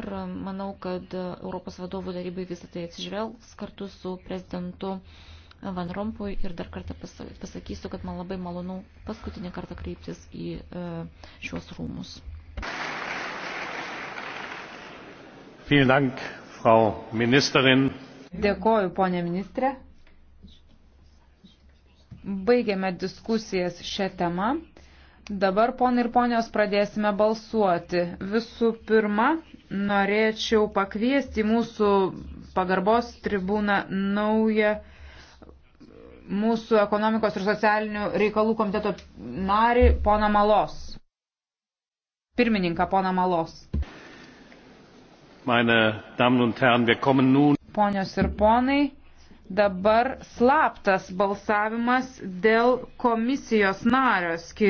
Ir manau, kad Europos vadovų tarybai visą tai atsižvelgs kartu su prezidentu Van Rompui ir dar kartą pasakysiu, kad man labai malonu paskutinį kartą kreiptis į e, šiuos rūmus. Dank, Frau Ministerin. Dėkoju, ponė ministrė. Baigėme diskusijas šią temą. Dabar, ponai ir ponios, pradėsime balsuoti. Visų pirma, norėčiau pakviesti mūsų pagarbos tribūną naują mūsų ekonomikos ir socialinių reikalų komiteto narį, poną Malos. Pirmininką, poną Malos. Meine Damen und Herren, wir kommen nun. Ponios ir ponai, dabar slaptas balsavimas dėl komisijos nario skirimo.